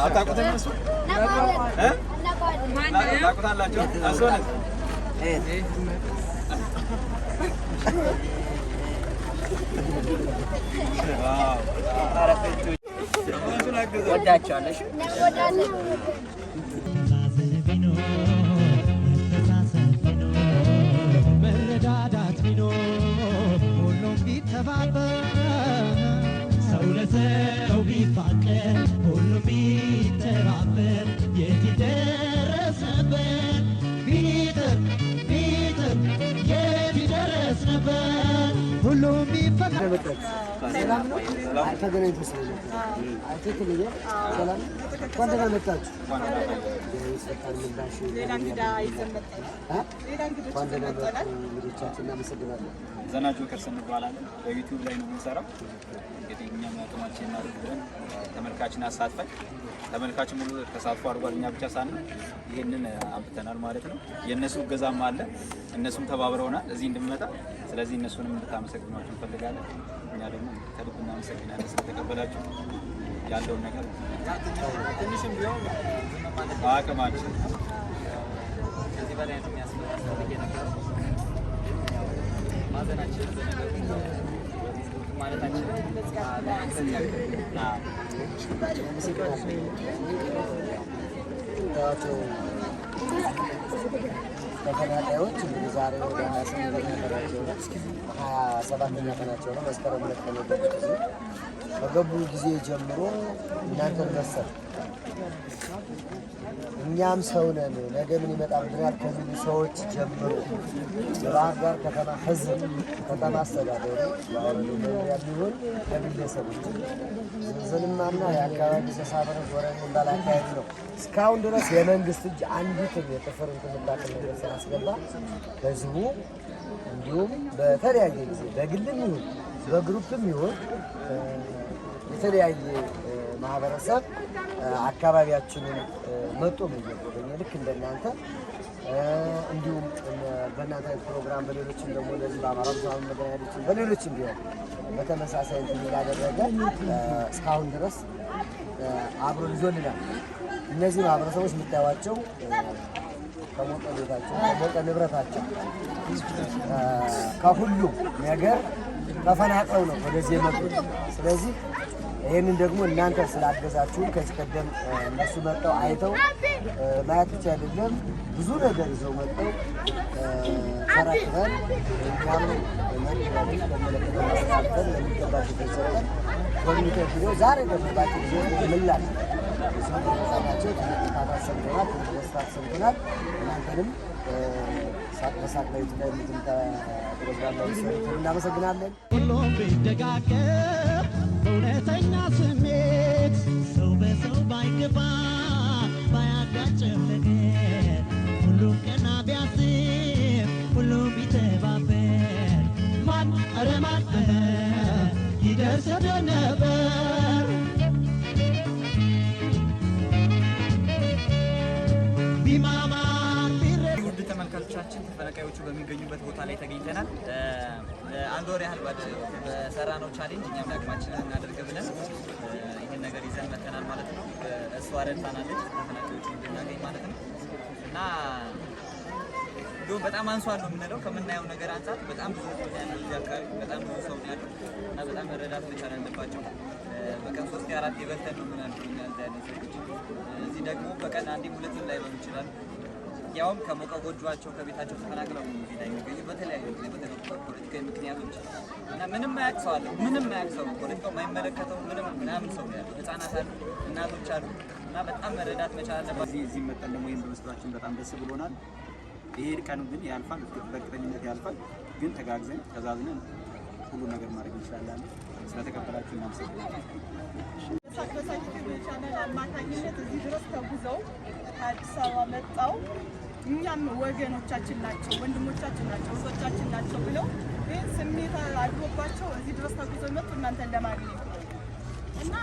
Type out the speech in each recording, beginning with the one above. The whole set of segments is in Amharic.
አታውቁትም? እሱ ታውቁታላችሁ። ተገናኝቶ ስለነበር ትክክል። ሰላም እንኳን ደህና መጣችሁ። እንኳን ደህና መጡ እንግዶቻችን፣ እናመሰግናለን። ዘናጆ ቅርስ እንባላለን። በዩቲዩብ ላይ ነው የምንሰራው። እንግዲህ እኛም አቅማችን እናደርግለን፣ ተመልካችን አሳትፈን ተመልካችን ሙሉ ተሳትፎ አድርጓል። እኛ ብቻ ሳንል ይህንን አምጥተናል ማለት ነው። የእነሱ እገዛም አለ፣ እነሱም ተባብረውናል እዚህ እንድንመጣ ስለዚህ እነሱንም እንድታመሰግኗቸው እንፈልጋለን። እኛ ደግሞ ከልብ እናመሰግናለን ስለተቀበላችሁ ያለውን ነገር ትንሽም ቢሆን አቅማችን ከዚህ በላይ ነው የሚያስፈልግ የነበረ ማዘናችን ማለታችን ተፈናቃዮች እንግዲህ ዛሬ ወደ ሀያ ስምንተኛ ቀናቸው ነው፣ ሀያ ሰባተኛ ቀናቸው ነው። መስከረም ሁለት ቀን የገቡት በገቡ ጊዜ ጀምሮ እናንተን መሰል እኛም ሰው ነን። ነገ ምን ይመጣል ምክንያት ከሚሉ ሰዎች ጀምሮ በባህር ዳር ከተማ ህዝብ፣ ከተማ አስተዳደሩ ያሚሆን ለግለሰቦች ዝንማና የአካባቢ ተሳበረ ወረን ባል አካሄድ ነው። እስካሁን ድረስ የመንግስት እጅ አንዲትም የጥፍር እንትንላት ነገር ስላስገባ ህዝቡ እንዲሁም በተለያየ ጊዜ በግልም ይሁን በግሩፕም ይሁን የተለያየ ማህበረሰብ አካባቢያችንን መጦ የሚጎበኘ ልክ እንደናንተ እንዲሁም በእናንተ አይነት ፕሮግራም በሌሎችም ደግሞ ለዚህ በአማራ ብዙኃን መገናኛዎችን በሌሎችም ቢሆን በተመሳሳይ እንትን እያደረገ እስካሁን ድረስ አብሮ ይዞልናል። እነዚህ ማህበረሰቦች የምታዩዋቸው ከሞቀ ቤታቸው ከሞቀ ንብረታቸው ከሁሉም ነገር ተፈናቅለው ነው ወደዚህ የመጡት። ስለዚህ ይህንን ደግሞ እናንተ ስላገዛችሁ ከዚህ ቀደም እነሱ መጠው አይተው ማየት ብቻ አይደለም ብዙ ነገር ይዘው መጠው ተራክበን እንኳን መመለከተን ለሚገባቸው ተሰጠን ዛሬ ጊዜ ሰምተናል፣ ሰምተናል። እናንተንም ላይ ፕሮግራም ላይ ሰሩትን እናመሰግናለን። ሁሉም ቢደጋገፍ እውነተኛ ስሜት ሰው በሰው ባይገባ ባያጋጭ ሁሉም ቀና ቢያስብ ሁሉም ቢተባበር ማን ኧረ ማን ይደርስ ነበር ቢማማ ወንድሞቻችን ተፈናቃዮቹ በሚገኙበት ቦታ ላይ ተገኝተናል። አንድ ወር ያህል ባድ በሰራነው ቻሌንጅ እኛም አቅማችንን እናደርግ ብለን ይህን ነገር ይዘን መተናል ማለት ነው። እሷ ረድታናለች ተፈናቃዮቹ እንድናገኝ ማለት ነው እና እንዲሁም በጣም አንሷል ነው የምንለው ከምናየው ነገር አንጻር በጣም ብዙ ሰው ያለው አካባቢ በጣም ብዙ ሰው ያለው እና በጣም መረዳት መቻል አለባቸው። በቀን ሶስት አራት የበልተን ነው ምናል ያለ ሰዎች እዚህ ደግሞ በቀን አንዴ ሁለትም ላይ ሆን ይችላል ያውም ከሞቀ ጎጇቸው ከቤታቸው ተፈናቅለው ሜዳ የሚገኙ በተለያዩ ጊዜ በተለያዩ ፖለቲካዊ ምክንያቶች እና ምንም ማያቅ ሰው አለ። ምንም ማያቅ ሰው ፖለቲካው የማይመለከተው ምንም ምናምን ሰው ያሉ ህጻናት አሉ፣ እናቶች አሉ። እና በጣም መረዳት መቻል አለባ። እዚህ መጠን ደግሞ ወይም በመስራችን በጣም ደስ ብሎናል። ይሄ ቀኑ ግን ያልፋል፣ በቅጠኝነት ያልፋል። ግን ተጋግዘን ተዛዝነን ሁሉ ነገር ማድረግ እንችላለን። ስለተቀበላችሁ እናመሰግናለን። ቻናል አማካኝነት እዚህ ድረስ ተጉዘው አዲስ አበባ መጣው እኛም ወገኖቻችን ናቸው፣ ወንድሞቻችን ናቸው፣ እህቶቻችን ናቸው ብለው ይህ ስሜት አድሮባቸው እዚህ ድረስ ተጉዘው መጡ እናንተን ለማግኘት እና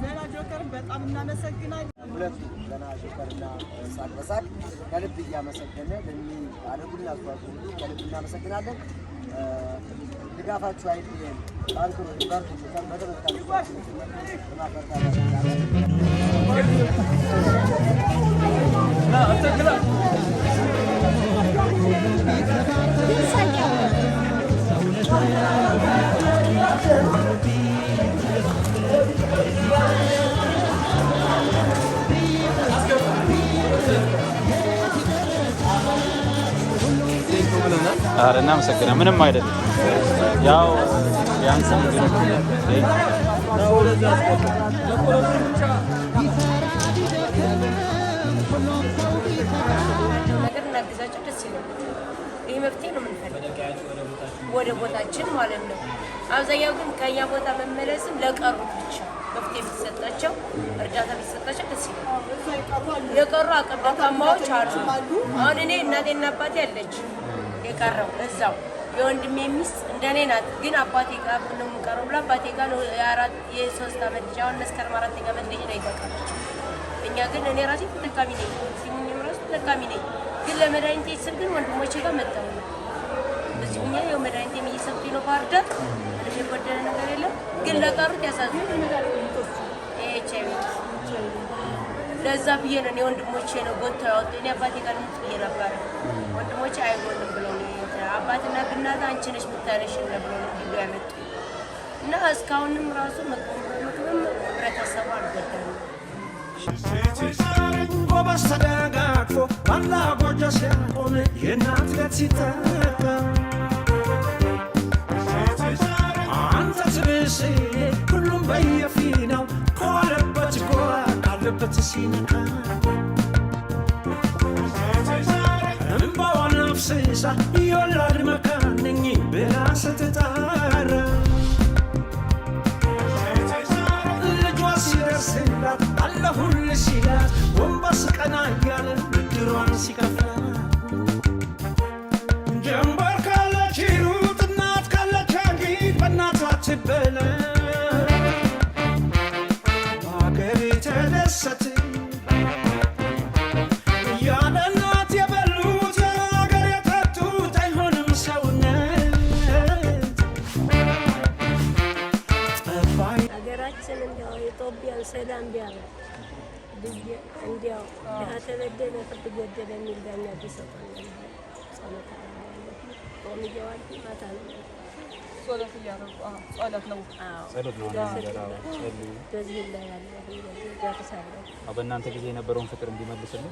ዘና ጆከርን በጣም እናመሰግናለን። ሁለቱ ዘና ጆከርና ሳቅ በሳቅ ከልብ እያመሰገነ ለሚ አለጉላ አስተዋጽኦ ከልብ እናመሰግናለን። Ligafat çayı diye. Banko እናመሰግናለን። ምንም አይደለም። ያው ቢያንስ እናግዛቸው ደስ ይላል። ይህ መፍትሄ ነው የምንፈልገው ወደ ቦታችን ማለት ነው። አብዛኛው ግን ከእኛ ቦታ መመለስም ለቀሩ ብቻ መፍትሄ ቢሰጣቸው እርዳታ ቢሰጣቸው ደስ ይላል። የቀሩ አቀባማዎች አሉ። አሁን እኔ እናቴና አባቴ ያለች የቀረው እዛው የወንድሜ ሚስት እንደኔ ናት፣ ግን አባቴ ጋር ነው የምቀረው ብላ አባቴ ጋር የአራት የሶስት ዓመት ልጅ አሁን መስከረም አራተኛ ዓመት ልጅ ነው ይበቃለች። እኛ ግን እኔ ራሴ ተጠቃሚ ነኝ፣ ሲሙኝም ራሱ ተጠቃሚ ነኝ። ግን ለመድኃኒቴ ስል ግን ወንድሞቼ ጋር መጣሁ ነው እዚህ ሁኛ የው መድኃኒቴም እየሰጡኝ ነው ባህርዳር ዳር። ምንም የጎደለ ነገር የለም፣ ግን ለቀሩት ያሳዝናል። ለዛ ብዬ ነው እኔ ወንድሞቼ ነው ጎተው ያወጡ። እኔ አባቴ ጋር ልሙት ብዬ ነበረ። ወንድሞቼ አይሆንም ብለው አባትና ብናት አንቺ ነሽ የምታነሺን ብሎ ቢሉ ያመጡ እና እስካሁንም ራሱ ምግብም ህብረተሰቡ አልጎዳም። ጎበዝ ተደጋግፎ ባላ ጎጆ ሲያቆም የእናት ለት ሲጠቀም አንተ ትብስ ሸተት ሲነካ አፍስሳ የወላድ መካን ነኝ ብላ ስትጣራ ልጇ ሲደርስላት አለሁልሽ ሲላት ወንበስ ቀና እያለ ብድሯን ሲከፍል እንዲያው ሰላም ቢያረ እንዲያው ድሀ ተበደለ ፍርድ ጎደለ የሚል ዳኛ ጸሎት ቆም እየዋል ማታ ነው ነው ነው በእናንተ ጊዜ የነበረውን ፍቅር እንዲመልስልን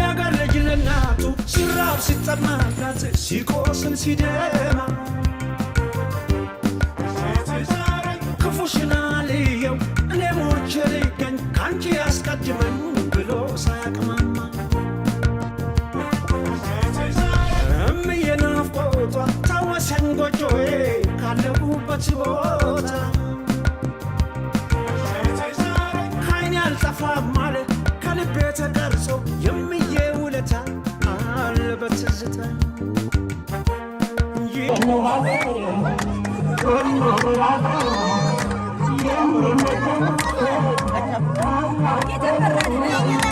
ያገር ልጅ ሲራብ ሲጠማ ሲቆስል ሲደማ ክፉሽና አጅበኝ ብሎ ሳያቅማማ እምዬ ናፍቆቷ ታወሰኝ ጎጆዬ ካለሁበት ቦታ ከዓይኔ አልጠፋም አለ ከልቤ ተቀርጾ የምዬ ውለታ አለ Oh, oh, oh, oh,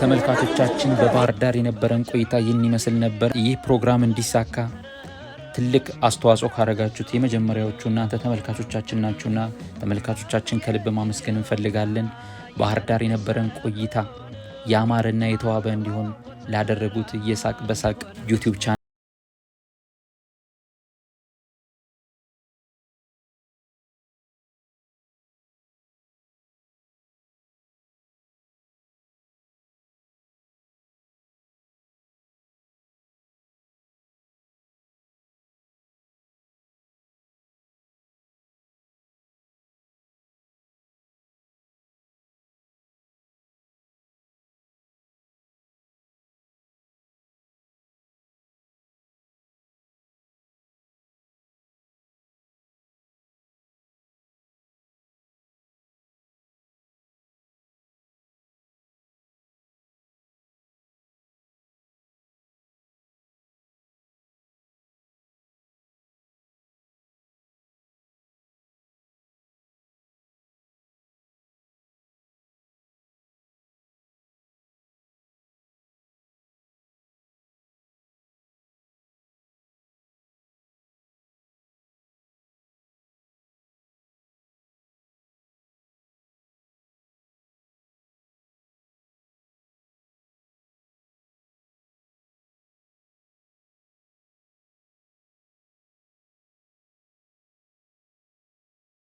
ተመልካቾቻችን በባህር ዳር የነበረን ቆይታ ይህን ይመስል ነበር። ይህ ፕሮግራም እንዲሳካ ትልቅ አስተዋጽኦ ካረጋችሁት የመጀመሪያዎቹ እናንተ ተመልካቾቻችን ናችሁና ተመልካቾቻችን ከልብ ማመስገን እንፈልጋለን። ባህር ዳር የነበረን ቆይታ ያማረና የተዋበ እንዲሆን ላደረጉት የሳቅ በሳቅ ዩቲዩብ ቻናል